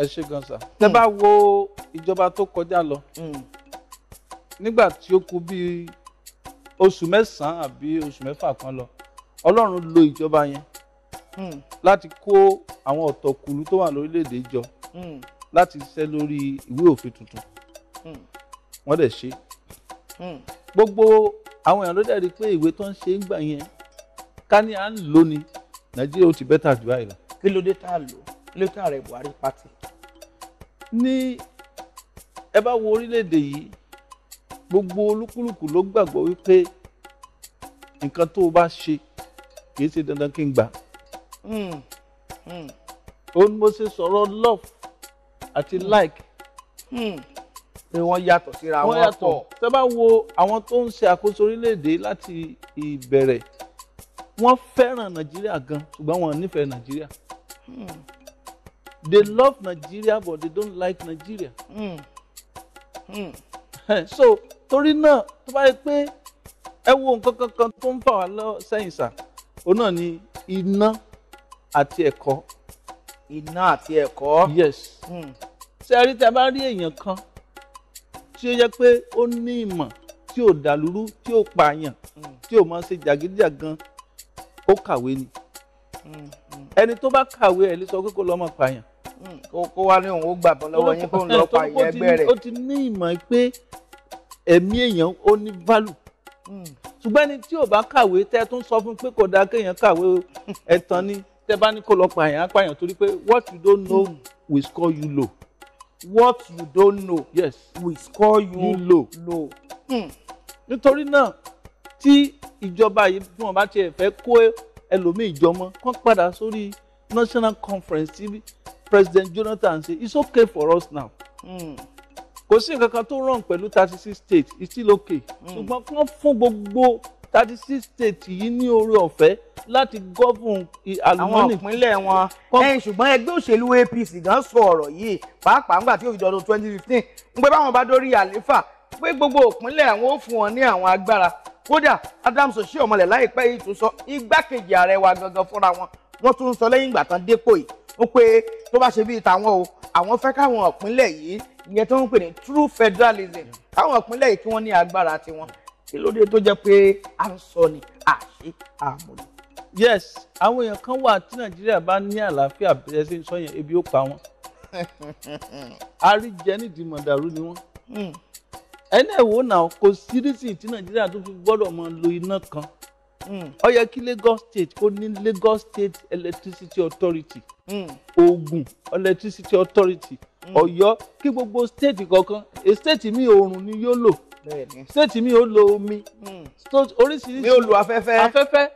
ẹ ṣe gan sa tẹ bá hmm. wo ìjọba tó kọjá lọ hmm. nígbà tí ó kù bíi oṣù mẹ́sàn àbí oṣù mẹ́fà kan lọ ọlọ́run lo ìjọba yẹn hmm. láti kó àwọn ọ̀tọ̀kùlú tó wà lórílẹ̀‐èdè jọ láti ṣiṣẹ́ lórí ìwé òfin tuntun wọ́n dẹ̀ ṣe gbogbo àwọn èèyàn ló dẹ̀ rí i pé ìwé tó ń ṣe ń gbà yẹn ká ní à ń lò ní nàìjíríà ó ti bẹ́tà jù báyìí lọ. kí ló dé tá a lò kí ló buhari pati ní ẹ bá wo orílẹ̀-èdè yìí gbogbo olúkúlùkù ló gbàgbọ́ wípé nǹkan tó o bá ṣe kì í ṣe dandan kí n gbà. òun hmm, hmm. mo ṣe sọ̀rọ̀ love àti mm. like. Mm. pé wọ́n yàtọ̀ síra wọn pọ̀. tẹ́ bá wo àwọn tó ń ṣe àkóso orílẹ̀-èdè láti ìbẹ̀rẹ̀ wọ́n fẹ́ràn nàìjíríà gan ṣùgbọ́n wọn ò nífẹ̀ẹ́ nàìjíríà. Hmm they love Nigeria but they don't like Nigeria. Mm. Mm. so torí náà tó bá yẹ pé ẹ wo nǹkan kankan tó ń fà wá lọ sẹ́yìn sà òun náà ni iná àti ẹ̀kọ́. iná àti ẹ̀kọ́. yes. Hmm. ṣé ẹ rí tí a bá rí èèyàn kan tí ó yẹ pé ó ní ìmọ̀ tí ò dàlúrú tí ò pààyàn hmm. tí ò máa ṣe jàgídíjàgan ó kàwé ni. Hmm ẹni tó bá kàwé ẹ̀ lè sọ pé kó lọ́mọ pààyàn. Hmm. kó wá ní òun ó gbà bọ́n lọ́wọ́ yín kó ń lọ pa ẹgbẹ́ rẹ̀. ó ti ní ìmọ̀ pé ẹ̀mí èèyàn ó ní value hmm. ṣùgbọ́n ẹni tí ò bá kàwé tẹ́ tún sọ fún pé kò dáa kéèyàn kàwé ẹ̀tàn ni tẹ́ bá ní kó lọ pààyàn pààyàn torí pé what you don't know hmm. will score you low. what you don't know yes. will score you, low. low. Mm. nítorí náà tí ìjọba yìí bí wọ́n bá tiẹ̀ fẹ́ kó ẹlòmíì jọmọ kán padà sórí national conference tí president Jonathan ṣe it's okay for us now. Mm kò sí nǹkan kan tó ràn pẹ̀lú thirty six states still okay hmm. ṣùgbọ́n kí wọ́n fún gbogbo thirty six states yìí ní oore ọ̀fẹ́ láti govern àlùmọ́nì. àwọn ìpínlẹ̀ wọn ẹ̀yìn ṣùgbọ́n ẹgbẹ́ òṣèlú APC gan sọ ọ̀rọ̀ yìí pàápàá ńgbà tí ó fi twenty fifteen ń pẹ́ báwọn bá dórí àlééfà pé gbogbo ìpínlẹ̀ àwọn ó fún wọn ní àwọn agbára kódà Adams ṣí ọmọlẹ̀ láìpẹ́ yìí tún sọ igbákejì ààrẹ wa gangan fúnra wọn wọ́n tún ń sọ lẹ́yìn ìgbà tán dépò yìí ó pé tó bá ṣe bíi tàwọn o àwọn fẹ́ káwọn ìpínlẹ̀ yìí ìyẹn tó ń pè ní true federalism káwọn ìpínlẹ̀ yìí kí wọ́n ní agbára tiwọn kí ló dé tó jẹ́ pé à ń sọ ni àṣé àmúlò. yes àwọn èèyàn kan wà tí nàìjíríà bá ní àlàáfíà bẹ̀rẹ̀ sí sọ yẹn ebi ó pa wọn àríjẹ nídìí mọ̀dàrú ni wọ́n hmm ẹnẹ wo náà kò sírísì tí nàìjíríà tó fi gbọ́dọ̀ máa lo iná kan hmm. ó yẹ kí Lagos State kó ní Lagos State Electricity Authority hmm. Ògùn Electricity Authority hmm. Ọ̀yọ́ kí gbogbo state kọ̀ọ̀kan eh, state mi oòrùn ni yóò lò state mi ò lo omi oríṣiríṣi mi ò lo afẹ́fẹ́ afẹ́fẹ́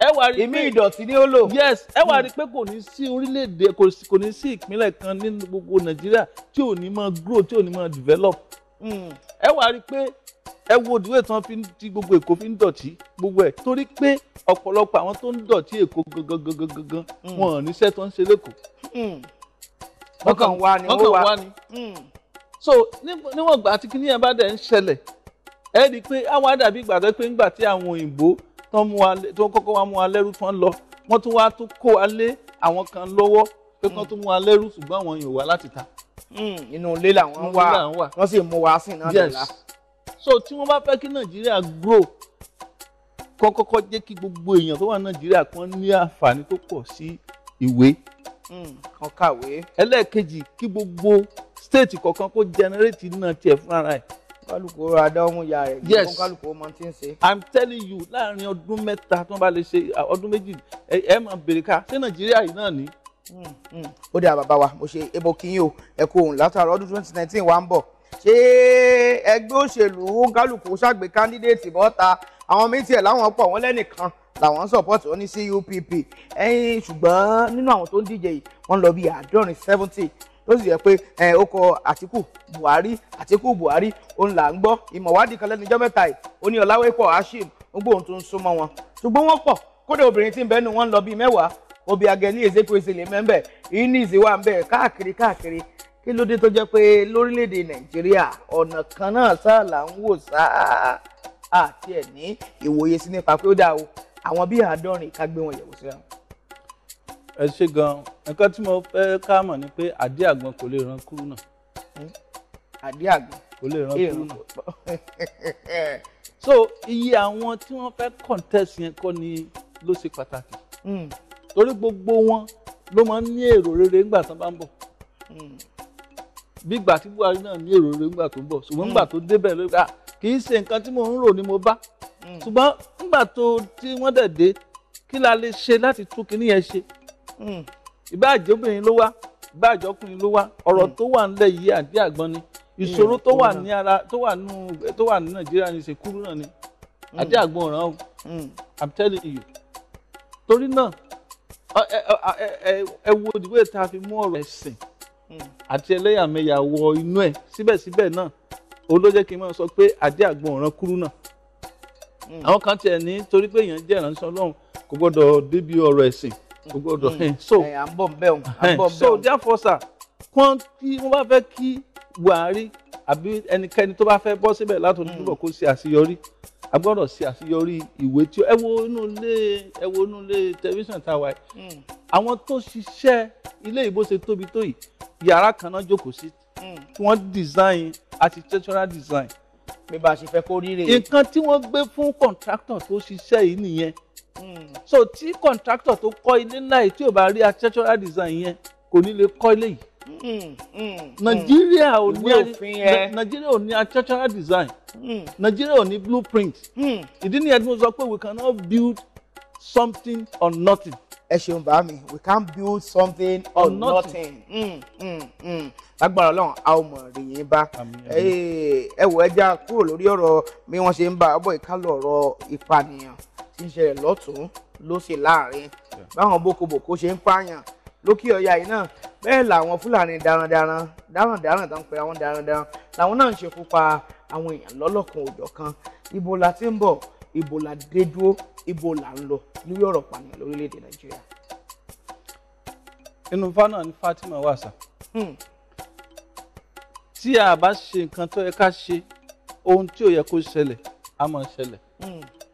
ẹ wá rí i pé ìmí ìdọ̀tí ni ó lò yes ẹ wá rí i pé kò ní sí orílẹ̀-èdè kò ní sí ìpínlẹ̀ kan ní gbogbo nàìjíríà tí ò ní máa grow tí ò ní máa develop ẹ wá rí i pé ẹ wo òdúwẹ̀ tí wọ́n fi ń tí gbogbo èkó fi ń dọ̀tí gbogbo ẹ̀ torí pé ọ̀pọ̀lọpọ̀ àwọn tó ń dọ̀tí èkó gangan gangan wọn ò níṣẹ́ tó ń ṣe lẹ́kọ̀ọ́. Hmm. wọ́n kàn wá ni wọ́n wá ni. Hmm. so níwọ̀n ìgbà tí kíní yẹn bá dẹ̀ ń ṣẹlẹ̀ ẹ rí i pé àwọn àdàbí ìgbàgbọ́ pé ńgbà tí àwọn òyìnbó tó kọ́kọ́ wá mú wa lẹ́rú tán lọ wọ́n tún wá tún kó wa lé àwọn kan lọ́wọ́ pé kán hmm. tún mú wa lẹ́rú ṣùgbọ́n àwọn èèyàn wá láti ta. Hmm, inú ilé làwọn wà wọ́n sì mú wa sí iná dọ̀la. so tí wọ́n bá fẹ́ kí nàìjíríà grow kọ́ jẹ́ kí gbogbo èèyàn tó wà nàìjíríà kan ní àǹfààní tó pọ̀ sí ìwé. Hmm, kan kàwé. ẹlẹ́ẹ̀kejì kí gbogbo stéètì kọ̀ọ̀kan kó jẹnẹrétì náà tiẹ̀ fúnra rẹ̀ kálukú ra dáhùn ya rẹ yes kálukú ọmọ tí ń ṣe. i'm telling you láàrin ọdún mẹ́ta tí wọ́n bá lè ṣe ọdún méjì ẹ bèrè ká ṣé nàìjíríà yìí náà ni ó dé àbàbà wa mo ṣe ebo kiyin o ẹ kú òun látàrọ ọdún twenty nineteen wa ń bọ̀ ṣé ẹgbẹ́ òṣèlú kálukú ṣàgbé kándídéètì bọ́ta àwọn méjì ẹ̀ láwọn pọ̀ wọ́n lẹ́nìkan làwọn support wọn ní CUPP ẹyin ṣùgbọ́n nínú àwọn tó ń díje yìí wọ́n lọ bí àádọ́rin seventy tó sì yẹ pé ẹ ó kọ Àtíkù Buhari Àtíkù Buhari òun là ń gbọ́ ìmọ̀wádìí kan lẹ́nujọ́ mẹ́ta yìí ó ní Ọláwépọ̀ Hashim gbogbo ohun tó ń súnmọ́ wọn ṣùgbọ́n wọ́n pọ̀ kódà obìnrin tí ń bẹ́nu wọn lọ bíi mẹ́wàá Obiageli Ezekwesili mẹ́mbẹ̀ Eunice wà ń bẹ̀ káàkiri káàkiri kí ló dé tó jẹ́ pé lórílẹ̀‐èdè Nàìjíríà ọ̀nà kan náà sáà là ń wò sáà àti ẹ̀ ní ìwòye sí nípa pé ó dáa o àwọn bíi àádọ́rin ká gbé wọn yẹ̀wò síra. ẹ ṣe gan nǹkan tí mo fẹ́ ká mọ̀ ni pé àdé àgbọn kò lè ran kúrú náà. àdé hmm? àgbọn kò lè ran kúrú náà. so iye àwọn tí wọ́n fẹ́ contest yẹn kọ́ ni ló ṣe pàtàkì. Hmm torí gbogbo wọn ló máa ń ní èrò rere ńgbà tán bá ń bọ̀ bí ìgbà tí Buhari náà ní èrò rere ńgbà tó ń bọ̀ ṣùgbọ́n ńgbà tó débẹ̀ ló ká kì í ṣe nǹkan tí mò ń rò ni mo bá mm. ṣùgbọ́n ńgbà tó tí wọ́n dẹ̀ dé kí la lè ṣe láti tún kinní yẹn ṣe mm. ìbáàjẹ́ obìnrin ló wá ìbáàjẹ́ ọkùnrin ló wá ọ̀rọ̀ mm. tó wà ńlẹ̀ yìí àdí àgbọn ni ìṣòro tó wà ní ara tó wà nù tó wà ní Nàìjíríà ní ìṣèkúrú náà ni àdí àgbọn ọ̀ràn o I'm telling you torí náà ẹ wo ìdúgbò tá a fi mú ọ̀rọ̀ ẹ̀sìn àti ẹlẹ́yàmẹ̀yà wọ inú ẹ̀ síbẹ̀síbẹ̀ náà olójẹ́ kí n máa sọ pé àdé àgbọn ọ̀ràn kúrú náà hmm. àwọn kan tiẹ̀ ní torí pé èèyàn jẹ́ ìránṣẹ́ Ọlọ́run kò gbọ́dọ̀ débi ọ̀rọ̀ ẹ̀sìn kò gbọ́dọ̀ hmm. so so therefore sir wọ́n kí wọ́n bá fẹ́ kí Buhari àbí ẹnikẹ́ni tó bá fẹ́ bọ́ síbẹ̀ látòun hmm. túbọ̀ kó ṣe àṣeyọrí a gbọ́dọ̀ ṣe àṣeyọrí ìwé tí ẹ wo inú ilé ẹ wo inú ilé tẹlifíṣàn tá a wáyé hmm. àwọn tó ṣiṣẹ́ ilé ìbò ṣe tóbi tó yìí yàrá kan náà jókòó sí tí hmm. wọ́n design architectural design. bí bá a ṣe fẹ́ kó rí rèé. nǹkan tí wọ́n gbé fún contractor tó ṣiṣẹ́ yìí nìyẹn hmm. so tí contractor tó kọ́ ilé náà yìí tí ò bá rí architectural design yẹn kò ní lè kọ́ ilé yìí. nàìjíríà ò ní nàìjíríà ò ní architectural design. Hmm. Nigeria ò ní blueprint hmm. ìdí nìyẹn tí mo sọ pé we cannot build something on nothing. ẹ ṣeun bá mi we can build something on, nothing. Hmm, lágbára Ọlọ́run a ò mọ rèyìn bá ẹ wò ẹja kúrò lórí ọ̀rọ̀ bí wọ́n ṣe ń bá ọbọ ìkálọ ọ̀rọ̀ ìpànìyàn tí ń ṣẹlẹ̀ lọ́tùn-ún lósì láàrin báwọn bókobòkó ṣe ń pààyàn lókè ọyà yìí náà bẹ́ẹ̀ làwọn fúlàní darandaran darandaran tó ń pe àwọn darandaran làwọn náà ń ṣekú pa àwọn èèyàn lọ́lọ́kan òjọ̀kan ibo la ti ń bọ̀ ibo la dé dúró ibo la ń lọ lórí ọ̀rọ̀ pànìyàn lórílẹ̀‐èdè nàìjíríà. inú ifá ni fatima wà sá hmm. tí a bá ṣe nǹkan tó yẹ ká ṣe ohun tí ò yẹ kó ṣẹlẹ̀ á máa ṣẹlẹ̀ hmm.